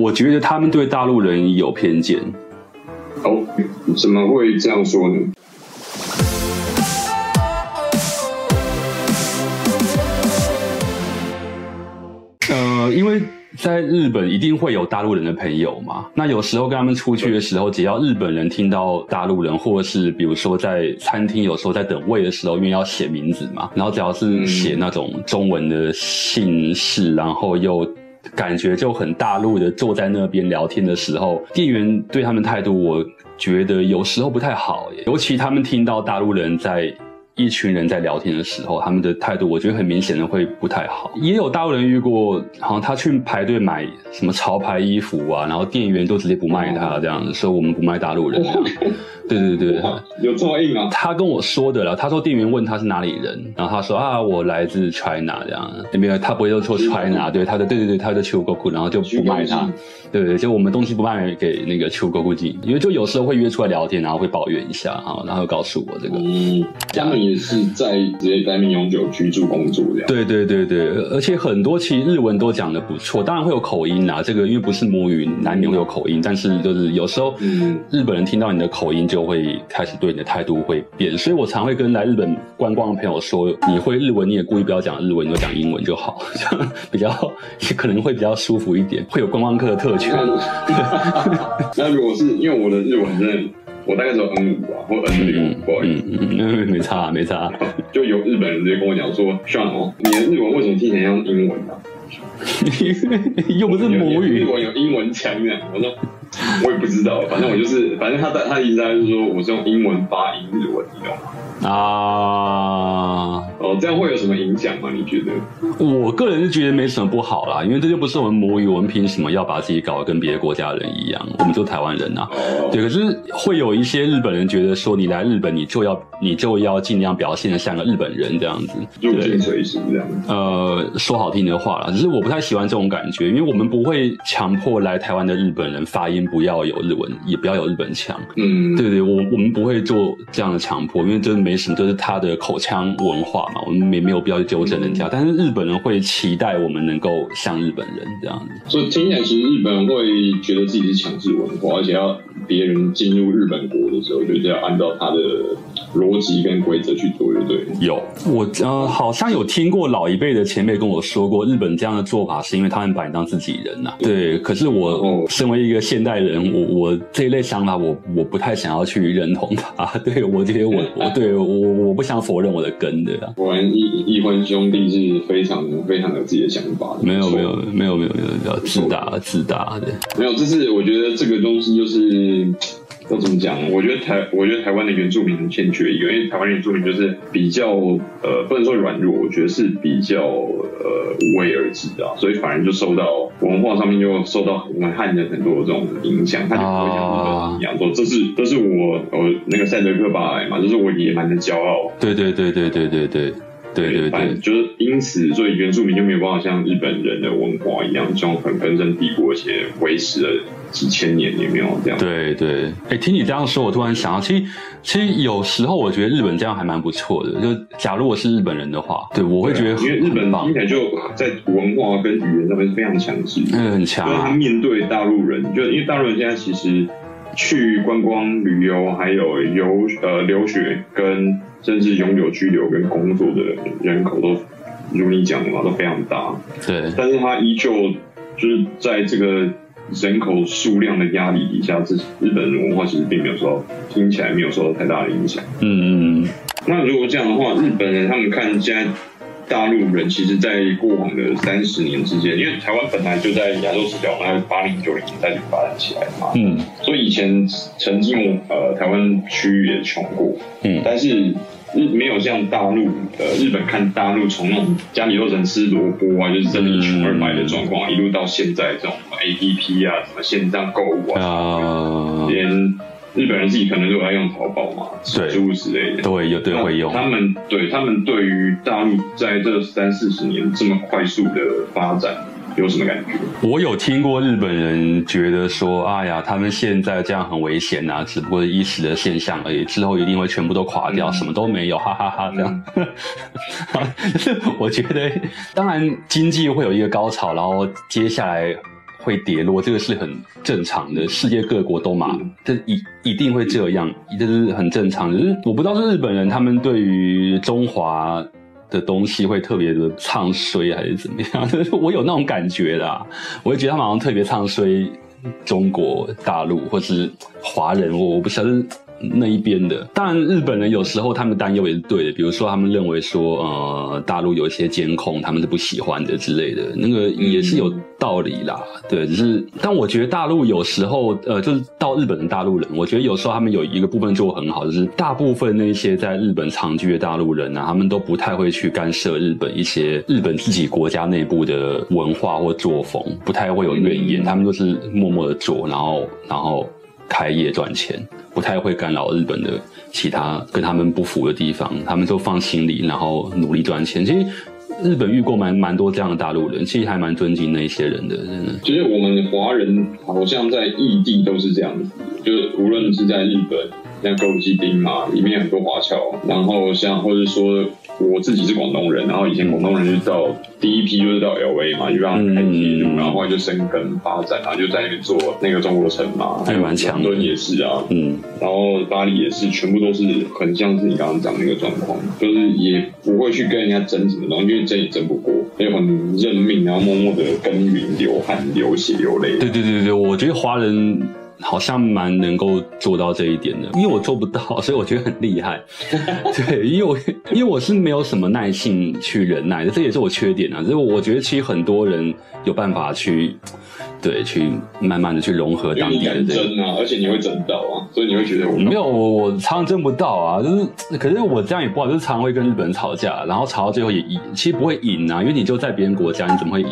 我覺得他們對大陸人有偏見。哦，怎麼會這樣說呢？呃，因為在日本一定會有大陸人的朋友嘛。那有時候跟他們出去的時候，只要日本人聽到大陸人，或是比如說在餐廳有時候在等位的時候，因為要寫名字嘛，然後只要是寫那種中文的姓氏，嗯，然後又，感覺就很大陸的，坐在那邊聊天的時候，店員對他們態度，我覺得有時候不太好耶，尤其他們聽到大陸人在。一群人在聊天的時候，他們的態度我覺得很明顯的會不太好，也有大陸人遇過，好像他去排隊買什麼潮牌衣服啊，然後店員都直接不賣他了這樣子，說、嗯、我們不賣大陸人、嗯、對對對，對，對有這麼硬啊？他跟我說的啦，他說店員問他是哪裡人，然後他說啊，我來自 China 這樣。沒有，他不會說說 China，對，他說對，對對對，他的 Chugoku，然後就不賣他，對，對對？就我們東西不賣給那個 Chugokujin，因為就有時候會約出來聊天，然後會抱怨一下然後告訴我這個，嗯，也是在直接待命、永久居住、工作的。對對對對，而且很多其實日文都講得不錯，當然會有口音啦，這個因為不是母語，難免會有口音。但是就是有時候日本人聽到你的口音，就會開始對你的態度會變。所以我常會跟來日本觀光的朋友說，你會日文，你也故意不要講日文，你都講英文就好，這樣比較也可能會比較舒服一點，會有觀光客的特權。那如果是因為我的日文真我大概是有 N 五吧，或 N 零不好意思，嗯嗯嗯、 沒差沒差，就有日本人直接跟我講說，Sean？你的日文為什麼聽起來像英文呢？啊？ 又不是母語，你日文有英文腔那、啊、我說，我也不知道，反正我就是，反正他他一直在說，我是用英文發音，日文。你懂嗎？啊。這樣會有什麼影響嗎？你覺得？我個人是覺得沒什麼不好啦，因為這就不是我們母語，我們憑什麼要把自己搞得跟別的國家的人一樣？我們就台灣人吶、啊。Oh. 對，可是會有一些日本人覺得說你來日本你，你就要你就要儘量表現得像個日本人這樣子，對，入鄉隨俗這樣子。呃，說好聽的話啦，只是我不太喜歡這種感覺，因為我們不會強迫來台灣的日本人發音不要有日文，也不要有日本腔。嗯，對對,對，我我們不會做這樣的強迫，因為這沒什麼，就是他的口腔文化嘛。也沒有必要去糾正人家，但是日本人會期待我們能夠像日本人這樣子。所以聽起來，其實日本人會覺得自己是強勢文化，而且要別人進入日本國的時候，就是要按照他的。邏輯跟規則去做，對不對？有我呃、嗯，好像有聽過老一輩的前輩跟我說過，日本這樣的做法是因為他們把你當自己人吶、啊。對，可是我身為一個現代人，我我這一類想法我，我我不太想要去認同他。對我覺得我、嗯、我對我我不想否認我的根的呀。我玩、啊、奕寬兄弟是非常非常有自己的想法的，沒有沒有沒有沒有沒有比較自大自大的沒有，這是我覺得這個東西就是。我怎麼講？我覺得台，我覺得台灣的原住民很欠缺一個，因為台灣原住民就是比較，呃，不能說軟弱，我覺得是比較，呃，無為而治的、啊，所以反而就受到文化上面就受到我們漢人很多的這種影響，他就不會像我們一樣說，這是這是我我那個賽德克巴萊嘛，就是我野蠻的驕傲。對對對對對對對，對，對。對對，對，對，就是因此，所以原住民就沒有辦法像日本人的文化一樣，這種很根深蒂固而且維持了幾千年，也沒有這樣。對對，哎，聽你這樣說，我突然想到，其實其實有時候我覺得日本這樣還蠻不錯的。就假如我是日本人的話，對，我會覺得、啊、因為日本聽起來就在文化跟語言上面是非常強勢，嗯，很強。因為他面對大陸人，就因為大陸人現在其實。去觀光旅遊，還有遊呃留學，跟甚至永久居留跟工作的人口都，如你講的嘛，都非常大。對，但是它依舊就是在這個人口數量的壓力底下，日日本文化其實並沒有受到，聽起來沒有受到太大的影響。嗯嗯嗯。那如果這樣的話，日本人他們看現大陸人其實，在過往的三十年之間，因為台灣本來就在亞洲市場，那八零九零年代就發展起來嘛，嗯，所以以前曾經呃台灣區域也窮過，嗯，但是日沒有像大陸呃日本看大陸從那種家裡頭人吃蘿蔔啊，就是真的一窮二白的狀況，啊嗯，一路到現在這種 A P P 啊，什麼線上購物啊，連、啊。日本人自己可能都愛用淘寶嘛，購物之類的，對，有對會用。他們，他們對他們對於大陸在這三四十年這麼快速的發展有什麼感覺？我有聽過日本人覺得說，哎呀，他們現在這樣很危險吶，啊，只不過是一時的現象而已，之後一定會全部都垮掉，嗯，什麼都沒有，哈哈哈，哈，這樣。嗯， 我覺得當然經濟會有一個高潮，然後接下來。會跌落，這個是很正常的。世界各國都嘛，這一一定會這樣，這是很正常的。就是我不知道是日本人他們對於中華的東西會特別的唱衰，還是怎麼樣？就是我有那種感覺啦，我就覺得他們好像特別唱衰中國大陸或是華人，我我不曉得。那一邊的，當然日本人有時候他們擔憂也是對的，比如說他們認為說，呃，大陸有一些監控，他們是不喜歡的之類的，那個也是有道理啦。嗯、對，只是，但我覺得大陸有時候，呃，就是到日本的大陸人，我覺得有時候他們有一個部分做得很好，就是大部分那些在日本長居的大陸人啊，他們都不太會去干涉日本一些日本自己國家內部的文化或作風，不太會有怨言，嗯、他們都是默默的做，然後，然後。開業賺錢，不太會干擾日本的其他跟他們不符的地方，他們都放心裡，然後努力賺錢。其實日本遇過蠻蠻多這樣的大陸人，其實還蠻尊敬那些人的，真的。其實我們華人好像在異地都是這樣子，就是無論是在日本。像歌舞伎町嘛，裡面有很多華僑。然後像或者說我自己是廣東人，然後以前廣東人就到、嗯、第一批就是到 L A 嘛，就、嗯、讓，他們開然後就生根發展後就在那邊做那個中國城嘛。哎、還，還蠻強。倫敦也是啊，嗯，然後巴黎也是，全部都是很像是你剛剛講的那個狀況，就是也不會去跟人家爭什麼東西，因為爭也爭不過，就很認命，然後默默的耕耘，流汗、流血、流淚、啊。對對對對，我覺得華人，好像蠻能夠做到這一點的，因為我做不到，所以我覺得很厲害。對，因為我因為我是沒有什麼耐性去忍耐的，這也是我缺點啊。所以我覺得其實很多人有辦法去，對，去慢慢的去融合當地的對。真啊，而且你會整到。所以你會覺得我、嗯、沒有，我我常常爭不到啊，就是可是我這樣也不好，就是常常會跟日本人吵架，然後吵到最後也贏，其實不會贏啊，因為你就在別人國家，你怎麼會贏？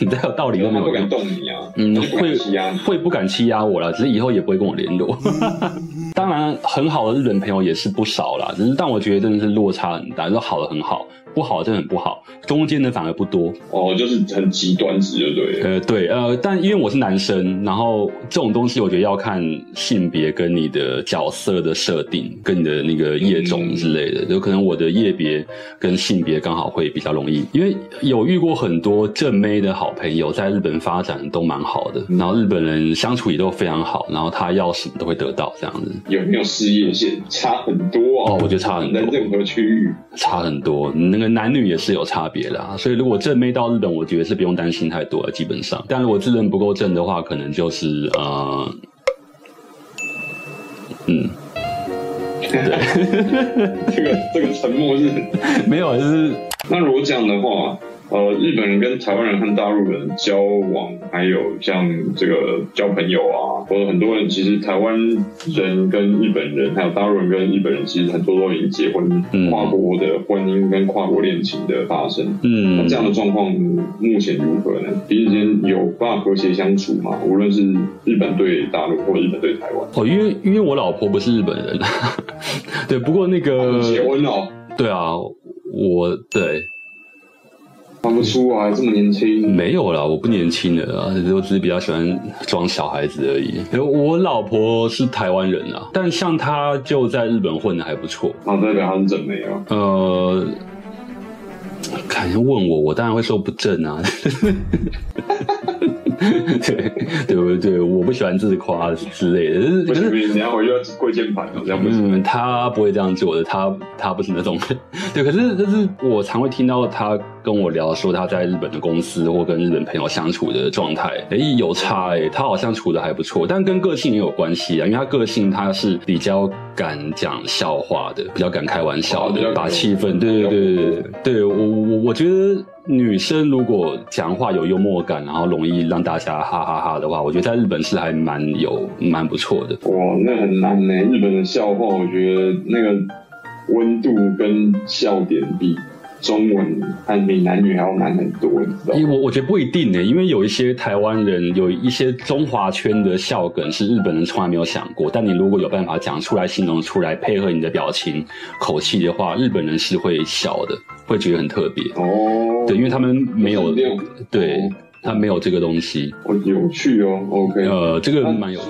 你 這有道理都沒有，不敢動你啊，嗯，欺你會會不敢欺壓我了，只是以後也不會跟我聯絡。嗯 當然，很好的日本朋友也是不少啦，但是但我覺得真的是落差很大，說、就是、好的很好，不好的，真的很不好，中間的反而不多。哦，就是很極端，值，就對。呃，對，呃，但因為我是男生，然後這種東西我覺得要看性別跟你的角色的設定，跟你的那個業種之類的，有、嗯、可能我的業別跟性別剛好會比較容易，因為有遇過很多正妹的好朋友在日本發展都蠻好的，然後日本人相處也都非常好，然後他要什麼都會得到這樣子。有沒有失業線差很多？啊、哦，我覺得差很多。在任何區域差很多，那個男女也是有差別的啊。所以如果正沒到日本，我覺得是不用擔心太多了，啊，基本上。但如果掙得不夠正的話，可能就是啊，呃，嗯，對 這個這個沉默是 沒有，就是那如果講的話。呃，日本人跟台灣人和大陸人交往，還有像這個交朋友啊，或者很多人其實台灣人跟日本人，還有大陸人跟日本人，其實很多都已經結婚，嗯、跨國的婚姻跟跨國戀情的發生。嗯，那、啊、這樣的狀況目前如何呢？彼此間有辦法和諧相處嗎？無論是日本對大陸，或者日本對台灣？哦，因為因為我老婆不是日本人， 對，不過那個、啊、結婚了、哦。對啊，我對。看不出啊，這麼年輕、嗯。沒有啦，我不年輕的啦。我只是比較喜歡裝小孩子而已。我老婆是台灣人啊，但像他就在日本混得還不錯。那、啊、在台灣怎麼樣？呃。看人問我，我當然會說不正啊， 對，對對不對？我不喜歡自誇之類的。不是，可是你等下我又要跪鍵盤，這樣不是。嗯，他不會這樣做的，他他不是那種。 對，可是，但是我常會聽到他跟我聊說他在日本的公司或跟日本朋友相處的狀態。哎、欸，有差哎、欸，他好像處的還不錯，但跟個性也有關係啊，因為他個性他是比較敢講笑話的，比較敢開玩笑的，打、哦、氣氛。對對對對對，我。我我覺得女生如果講話有幽默感，然後容易讓大家哈哈哈哈的話，我覺得在日本是還蠻有蠻不錯的。哇，那很難呢。日本的笑話，我覺得那個溫度跟笑點比。中文按比男女還要難很多，你知道嗎？欸、我我覺得不一定呢、欸，因為有一些台灣人，有一些中華圈的笑梗是日本人從來沒有想過。但你如果有辦法講出來、形容出來、配合你的表情、口氣的話，日本人是會笑的，會覺得很特別哦。對，因為他們沒有，有對、哦、他沒有這個東西。哦、有趣哦。OK，呃，這個蠻有趣。